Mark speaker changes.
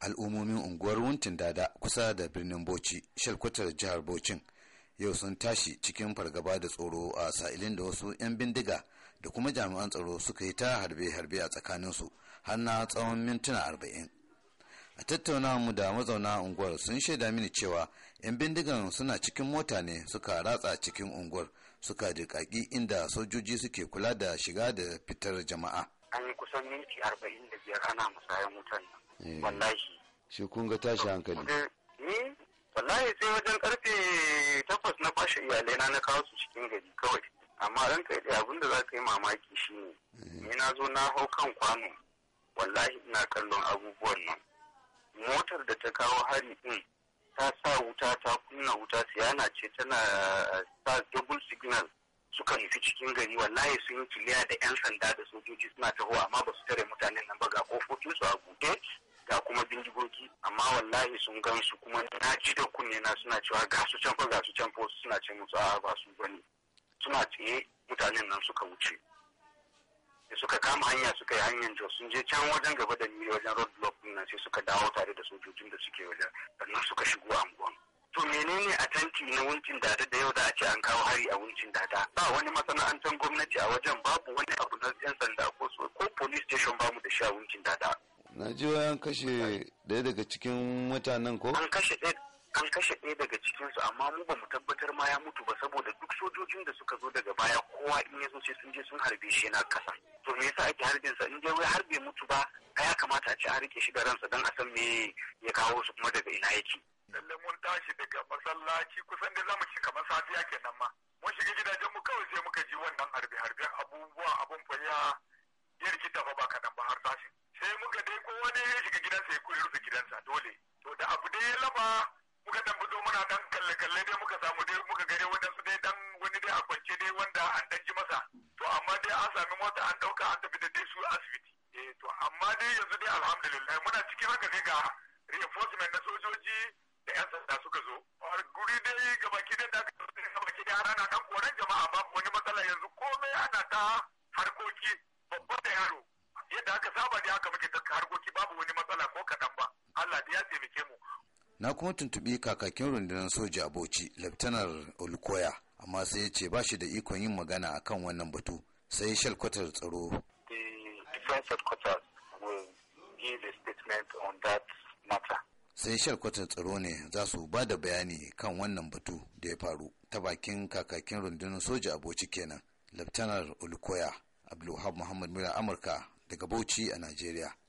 Speaker 1: al'ummomin unguwar wuntin dada kusa da birnin bauchi shalkwatar jihar bauchin yau sun tashi cikin fargaba da tsoro a sa'ilin da wasu 'yan bindiga da kuma jami'an tsaro suka yi ta harbe-harbe a tsakaninsu har na tsawon mintuna arba'in a tattauna mu da mazauna unguwar sun shaida mini cewa 'yan bindigan suna cikin mota ne suka ratsa cikin unguwar suka dirƙaƙi inda sojoji suke kula da shiga da fitar jama'a
Speaker 2: an yi kusan minti arba'in da biyar ana musayan wutan
Speaker 1: nan eh. wallahi shi kun ga tashi hankali
Speaker 2: eh, ni wallahi sai wajen karfe takwas na kwashe iyalai na na kawo su cikin gari kawai amma ran kai da abin da za ka yi mamaki shi ne eh. ni na zo na hau kan kwano wallahi ina kallon abubuwan nan motar da ta kawo hari din ta sa wuta ta kunna wuta siyana ce tana sa double signal suka nufi cikin gari wallahi sun yi kiliya da 'yan sanda da sojoji suna taho amma ba su tare mutanen nan ba ga kofofin su a buɗe ga kuma bindigogi amma wallahi sun gansu kuma na ji da Kunnena na suna cewa ga su can fa ga su can fa suna ce musu a ba su bane suna tsaye mutanen nan suka wuce da suka kama hanya suka yi hanyar jos sun je can wajen gaba da ni wajen road block nan sai suka dawo tare da sojojin da suke wajen sannan suka shigo anguwan menene a tanki na wuncin dada da yau da ake ce an kawo hari a wuncin dada ba wani masana'antar gwamnati a wajen babu wani abu na yan sanda ko ko police station mu da shi a wuncin dada
Speaker 1: na ji an kashe ɗaya daga cikin mutanen ko an
Speaker 2: kashe an kashe ɗaya daga cikinsu amma mu ba mu tabbatar ma ya mutu ba saboda duk sojojin da suka zo daga baya kowa in ya zo sai sun je sun harbe shi na kasa to me yasa ake harbin sa in dai wai harbe mutu ba ya kamata a ci an rike shi da ransa don a san
Speaker 3: me ya kawo su kuma daga ina yake lalle mun tashi daga masallaci kusan da zamu ci kamar safiya kenan ma mun shiga gidajen mu kawai sai muka ji wannan harbe harbe abubuwa abun fanya yar ya fa ba kadan ba har tashi sai muka dai kowa ne ya shiga gidansa ya kuri rufe gidansa dole to da abu dai ya laba muka dan fito muna dan kalle kalle dai muka samu dai muka gare su dai dan wani dai a kwance dai wanda an dan ji masa to amma dai an sami mota an dauka an tafi da dai su asibiti eh to amma dai yanzu dai alhamdulillah muna cikin haka sai ga reinforcement na sojoji da 'yan sanda suka zo har guri dai baki da aka baki da na dan koran jama'a babu wani matsala yanzu komai ana ta harkoki babba da yaro yadda aka saba da aka muke
Speaker 1: ta harkoki babu wani matsala ko kaɗan ba Allah da ya taimake mu na kuma tuntubi kakakin rundunar soja Bauchi Laftanar Olukoya amma sai ya ce ba shi da ikon yin magana akan wannan batu sai kwatar tsaro The defense headquarters will
Speaker 2: give a statement on that matter.
Speaker 1: sai shalkwatar tsaro ne za su ba da bayani kan wannan batu da ya faru ta bakin kakakin rundunar soja aboci kenan laftanar olukoya abdulhab muhammad mira amurka daga bauchi a najeriya